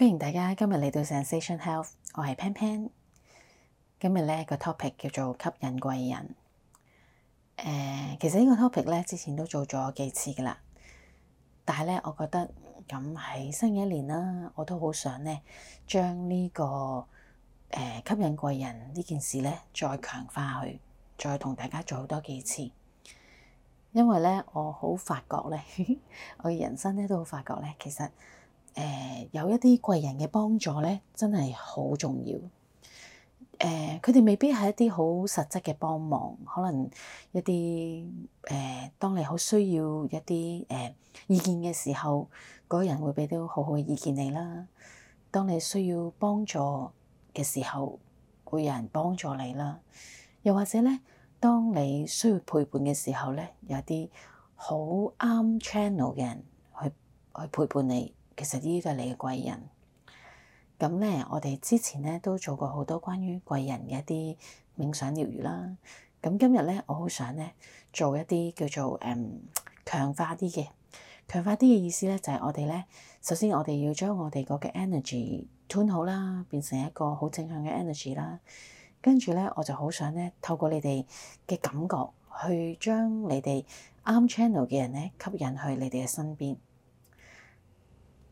歡迎大家今日嚟到 Zensation Health，我係 Pan Pan。今日咧個 topic 叫做吸引貴人。誒、呃，其實呢個 topic 咧之前都做咗幾次噶啦，但係咧我覺得咁喺新嘅一年啦，我都好想咧將呢將、這個誒、呃、吸引貴人呢件事咧再強化去，再同大家做多幾次。因為咧我好發覺咧， 我嘅人生咧都好發覺咧，其實。誒、呃，有一啲貴人嘅幫助咧，真係好重要。誒、呃，佢哋未必係一啲好實質嘅幫忙，可能一啲誒、呃，當你好需要一啲誒、呃、意見嘅時候，嗰個人會俾到好好嘅意見你啦。當你需要幫助嘅時候，會有人幫助你啦。又或者咧，當你需要陪伴嘅時候咧，有啲好啱 channel 嘅人去去陪伴你。其實呢個係你嘅貴人，咁咧，我哋之前咧都做過好多關於貴人嘅一啲冥想療愈啦。咁今日咧，我好想咧做一啲叫做誒強化啲嘅，強化啲嘅意思咧就係我哋咧，首先我哋要將我哋嗰個 energy tune 好啦，變成一個好正向嘅 energy 啦。跟住咧，我就好想咧透過你哋嘅感覺去將你哋啱 channel 嘅人咧吸引去你哋嘅身邊。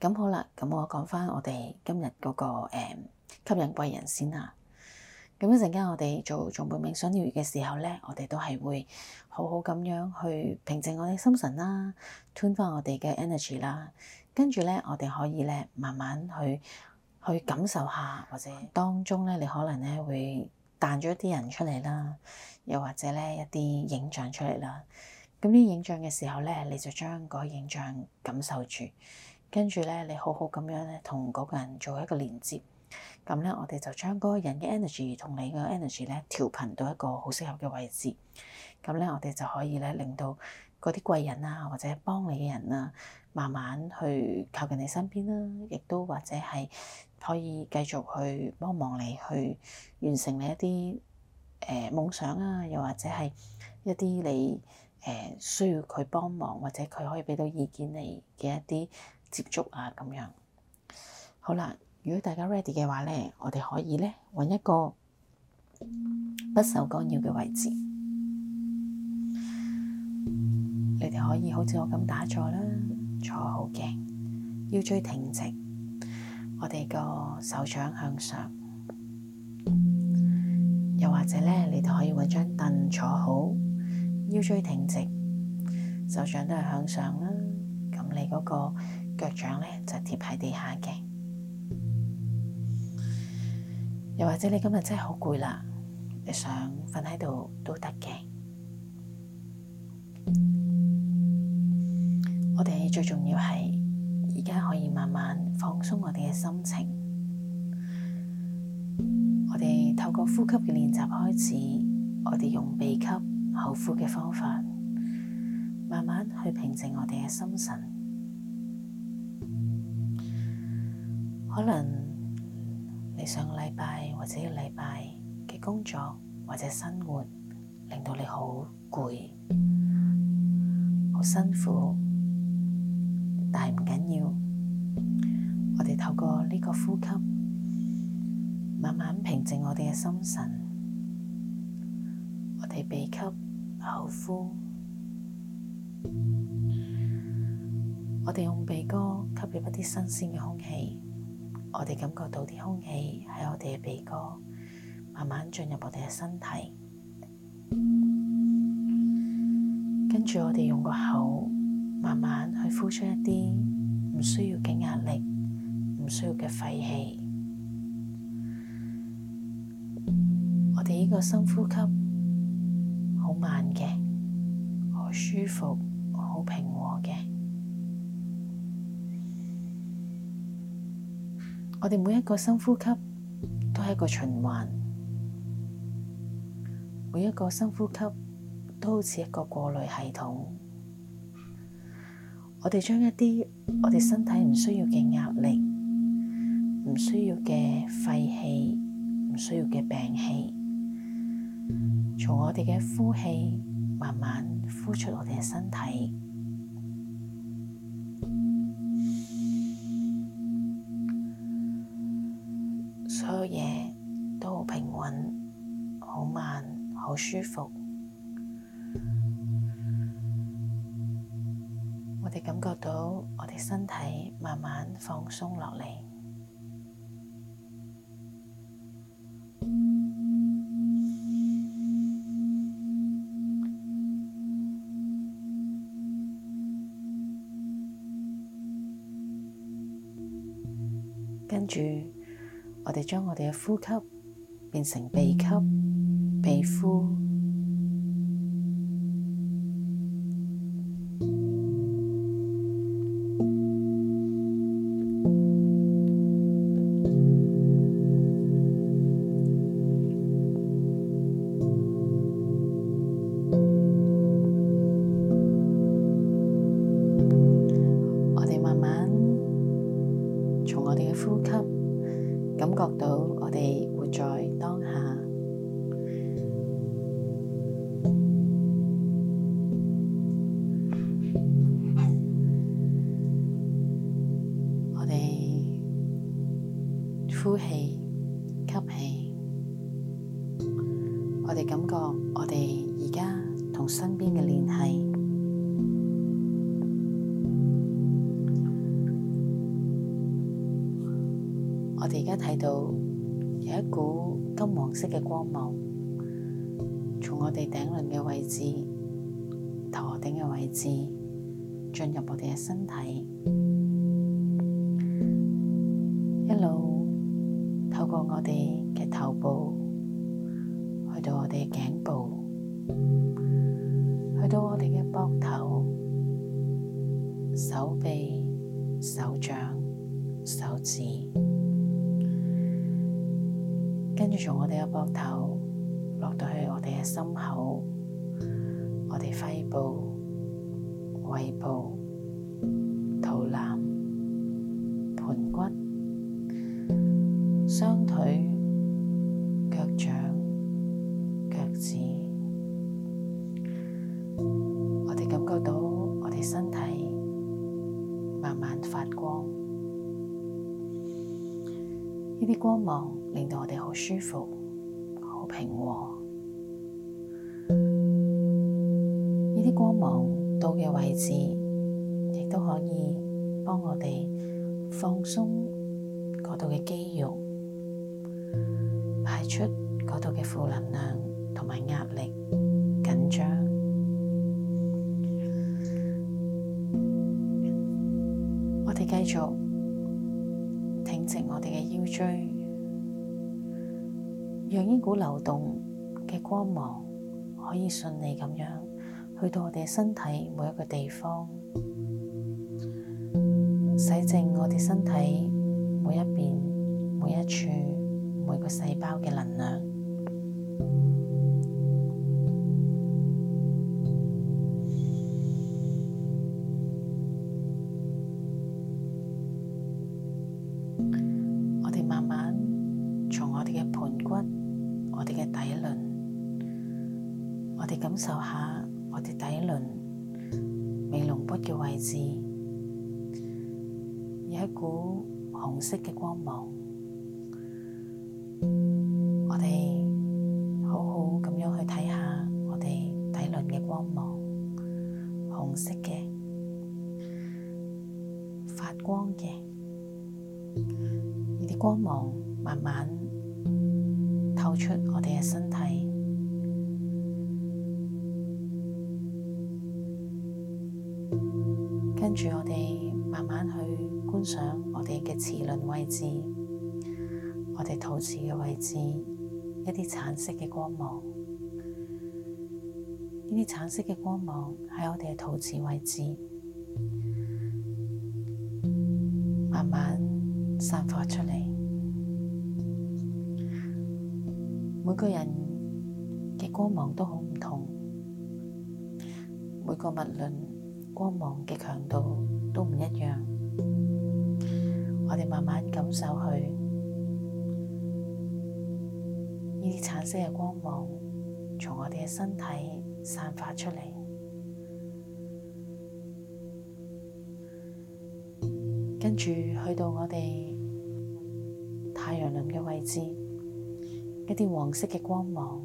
咁好啦，咁我講翻我哋今日嗰個誒吸引貴人先啦。咁一陣間我哋做做頌缽冥想療癒嘅時候咧，我哋都係會好好咁樣去平靜我哋心神啦，turn 翻我哋嘅 energy 啦，跟住咧我哋可以咧慢慢去去感受下，或者當中咧你可能咧會彈咗一啲人出嚟啦，又或者咧一啲影像出嚟啦。咁呢啲影像嘅時候咧，你就將嗰影像感受住。跟住咧，你好好咁樣咧，同嗰個人做一個連接，咁咧我哋就將嗰個人嘅 energy 同你嘅 energy 咧調頻到一個好適合嘅位置，咁咧我哋就可以咧令到嗰啲貴人啊，或者幫你嘅人啊，慢慢去靠近你身邊啦，亦都或者係可以繼續去幫忙你去完成你一啲誒夢想啊，又或者係一啲你誒、呃、需要佢幫忙，或者佢可以俾到意見你嘅一啲接觸啊，咁樣好啦。如果大家 ready 嘅話咧，我哋可以咧揾一個不受干擾嘅位置。你哋可以好似我咁打坐啦，坐好嘅，腰椎挺直，我哋個手掌向上，又或者咧，你哋可以揾張凳坐好，腰椎挺直，手掌都係向上啦。咁你嗰個。腳掌呢就貼喺地下嘅，又或者你今日真係好攰喇，你想瞓喺度都得嘅。 我哋最重要係而家可以慢慢放鬆我哋嘅心情，我哋透過呼吸嘅練習開始，我哋用鼻吸口呼嘅方法，慢慢去平靜我哋嘅心神。可能你上個禮拜或者一個禮拜嘅工作或者生活令到你好攰，好辛苦，但係唔緊要。我哋透過呢個呼吸，慢慢平靜我哋嘅心神。我哋鼻吸口呼，我哋用鼻哥吸入一啲新鮮嘅空氣。我哋感覺到啲空氣喺我哋嘅鼻哥，慢慢進入我哋嘅身體，跟住我哋用個口慢慢去呼出一啲唔需要嘅壓力，唔需要嘅廢氣。我哋呢個深呼吸好慢嘅，好舒服，好平。我哋每一個深呼吸都係一個循環，每一個深呼吸都好似一個過濾系統。我哋將一啲我哋身體唔需要嘅壓力、唔需要嘅廢氣、唔需要嘅病氣，從我哋嘅呼氣慢慢呼出我哋嘅身體。好舒服，我哋感覺到我哋身體慢慢放鬆落嚟，跟住我哋將我哋嘅呼吸變成鼻吸。皮膚，鼻我哋慢慢從我哋嘅呼吸，感覺到我哋活在。我哋頂輪嘅位置，頭頂嘅位置，進入我哋嘅身體，一路透過我哋嘅頭部，去到我哋嘅頸部，去到我哋嘅膊頭、手臂、手掌、手指，跟住從我哋嘅膊頭。落到去我哋嘅心口、我哋肺部、胃部、肚腩、盆骨、雙腿、腳掌、腳趾，我哋感覺到我哋身體慢慢發光，呢啲光芒令到我哋好舒服。平和，呢啲光芒到嘅位置，亦都可以幫我哋放鬆嗰度嘅肌肉，排出嗰度嘅負能量同埋壓力緊張。我哋繼續挺直我哋嘅腰椎。讓呢股流動嘅光芒可以順利咁樣去到我哋身體每一個地方，洗淨我哋身體每一邊、每一處、每個細胞嘅能量。嘅底輪，我哋感受一下我哋底輪尾龍骨嘅位置，有一股紅色嘅光芒。跟住我哋慢慢去觀賞我哋嘅臍輪位置，我哋肚臍嘅位置，一啲橙色嘅光芒，呢啲橙色嘅光芒喺我哋嘅肚臍位置慢慢散發出嚟。每個人嘅光芒都好唔同，每個脈輪。光芒嘅強度都唔一樣，我哋慢慢感受佢呢啲橙色嘅光芒從我哋嘅身體散發出嚟，跟住去到我哋太陽輪嘅位置，一啲黃色嘅光芒，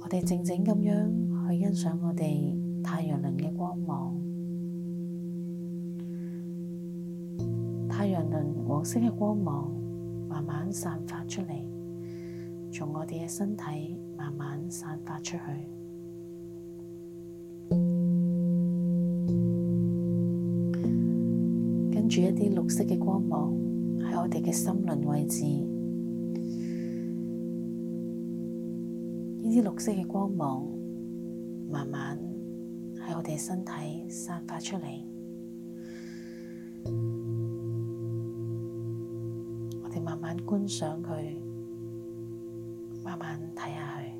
我哋靜靜咁樣去欣賞我哋。太陽輪嘅光芒，太陽輪黃色嘅光芒慢慢散發出嚟，從我哋嘅身體慢慢散發出去，跟住一啲綠色嘅光芒喺我哋嘅心輪位置，呢啲綠色嘅光芒慢慢。我哋身體散發出嚟，我哋慢慢觀賞佢，慢慢睇下佢，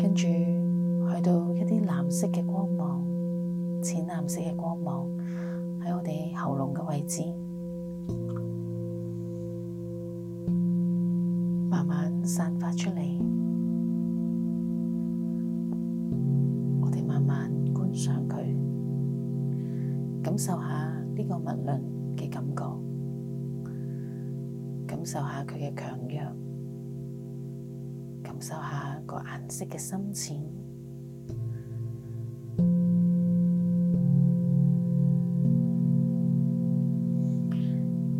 跟住去到一啲藍色嘅光芒，淺藍色嘅光芒喺我哋喉嚨嘅位置，慢慢散發出嚟。感受下呢個物輪嘅感覺，感受下佢嘅強弱，感受下個顏色嘅深淺，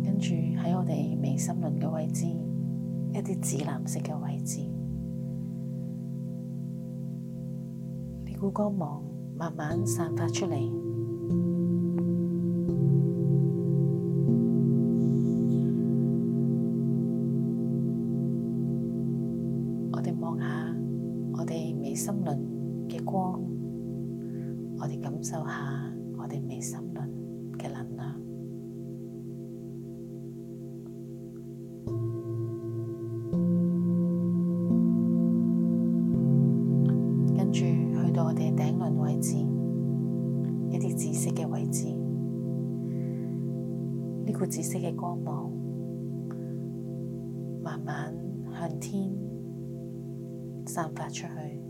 跟住喺我哋眉心輪嘅位置，一啲紫藍色嘅位置，呢股光芒慢慢散發出嚟。光，我哋感受下我哋眉心輪嘅能量，跟住去到我哋頂輪位置，一啲紫色嘅位置，呢股紫色嘅光芒慢慢向天散發出去。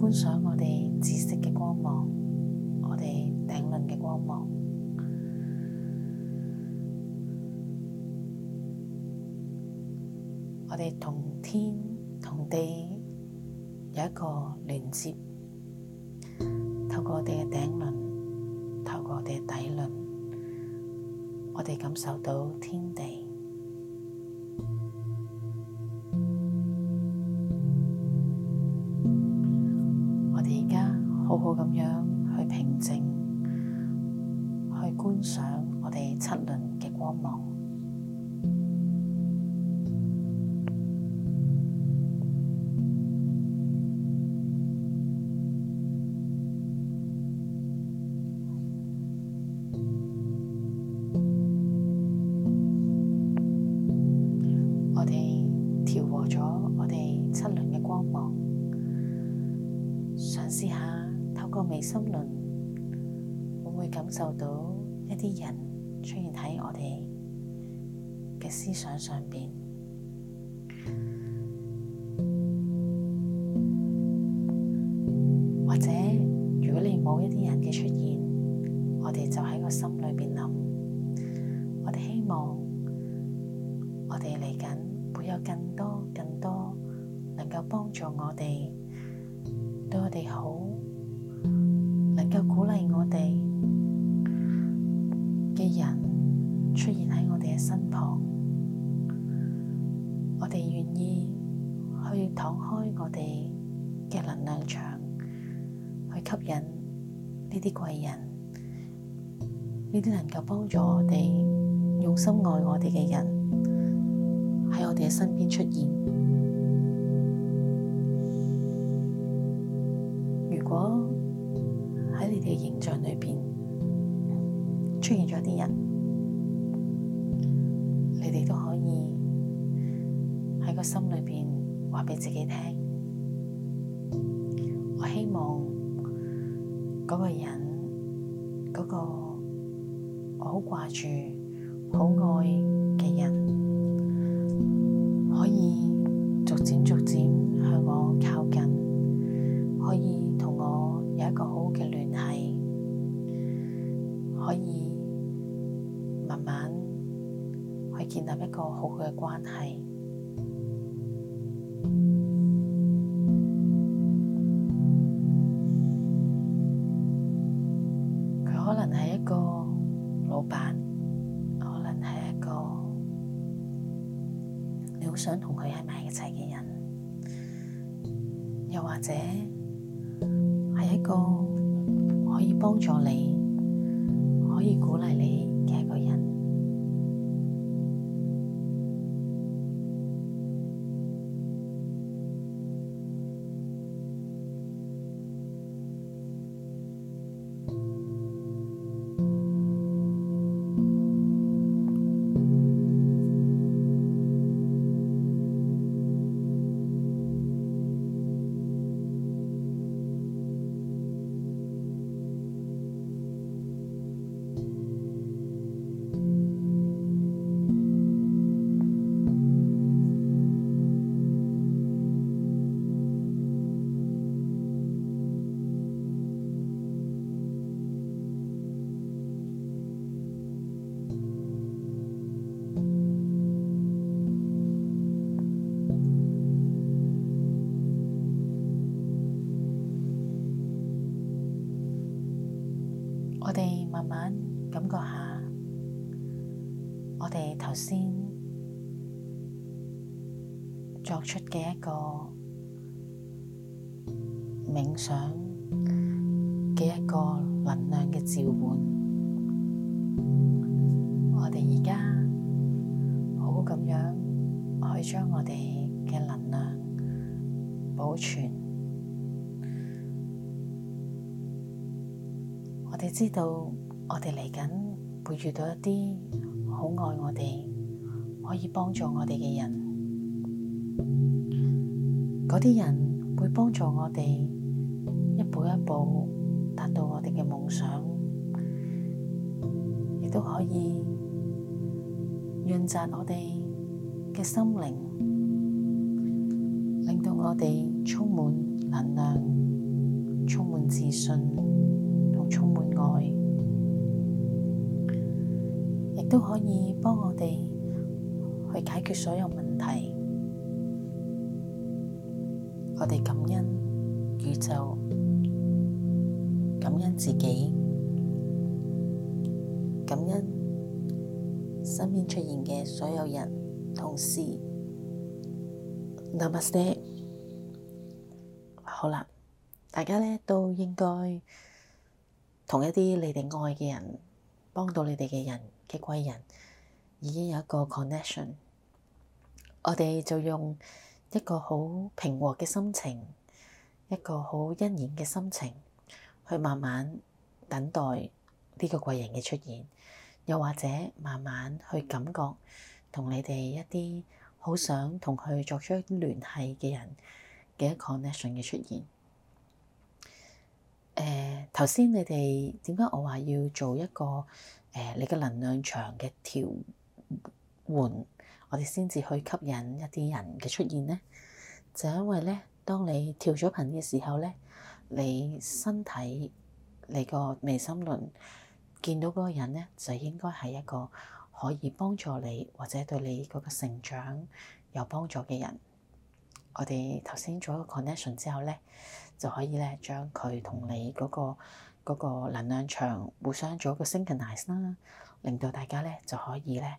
觀想我哋紫色嘅光芒，我哋頂輪嘅光芒，我哋同天同地有一個連接，透過我哋嘅頂輪，透過我哋嘅底輪，我哋感受到天地。好好咁樣去平靜，去觀賞我哋七輪嘅光芒。思想上邊，或者如果你冇一啲人嘅出現，我哋就喺個心裏邊諗，我哋希望我哋嚟緊會有更多、更多能夠幫助我哋、對我哋好、能夠鼓勵我哋嘅人出現喺我哋嘅身旁。我哋願意去敞開我哋嘅能量場，去吸引呢啲貴人，呢啲能夠幫助我哋用心愛我哋嘅人，喺我哋嘅身邊出現。掛住好愛嘅人，可以逐漸逐漸向我靠近，可以同我有一個好好嘅聯繫，可以慢慢去建立一個好好嘅關係。或者係一個可以幫助你，可以鼓勵你。先作出嘅一個冥想嘅一個能量嘅召喚，我哋而家好咁樣去將我哋嘅能量保存。我哋知道，我哋嚟緊會遇到一啲好愛我哋。可以幫助我哋嘅人，嗰啲人會幫助我哋一步一步達到我哋嘅夢想，亦都可以潤澤我哋嘅心靈，令到我哋充滿能量、充滿自信同充滿愛，亦都可以幫我哋。係解決所有問題。我哋感恩宇宙，感恩自己，感恩身邊出現嘅所有人同事。Namaste，好啦，大家咧都應該同一啲你哋愛嘅人，幫到你哋嘅人嘅貴人，已經有一個 connection。我哋就用一個好平和嘅心情，一個好欣然嘅心情，去慢慢等待呢個貴人嘅出現，又或者慢慢去感覺同你哋一啲好想同佢作出聯繫嘅人嘅一個 connection 嘅出現。誒、呃，頭先你哋點解我話要做一個誒、呃、你嘅能量場嘅調換？我哋先至去吸引一啲人嘅出現呢，就因為咧，當你跳咗頻嘅時候咧，你身體、你個眉心輪見到嗰個人咧，就應該係一個可以幫助你或者對你嗰個成長有幫助嘅人。我哋頭先做一個 connection 之後咧，就可以咧將佢同你嗰個嗰個能量場互相做一個 synchronize 啦，令到大家咧就可以咧。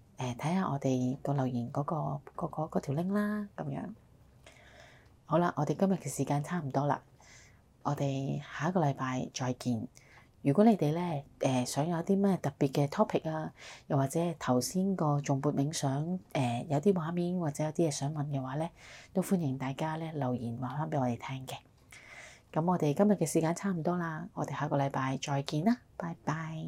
誒，睇下我哋個留言嗰、嗰個嗰條 link 啦，咁樣好啦，我哋今日嘅時間差唔多啦，我哋下一個禮拜再見。如果你哋咧誒想有啲咩特別嘅 topic 啊，又或者頭先個頌缽冥想誒、呃、有啲畫面或者有啲嘢想問嘅話咧，都歡迎大家咧留言話翻俾我哋聽嘅。咁我哋今日嘅時間差唔多啦，我哋下個禮拜再見啦，拜拜。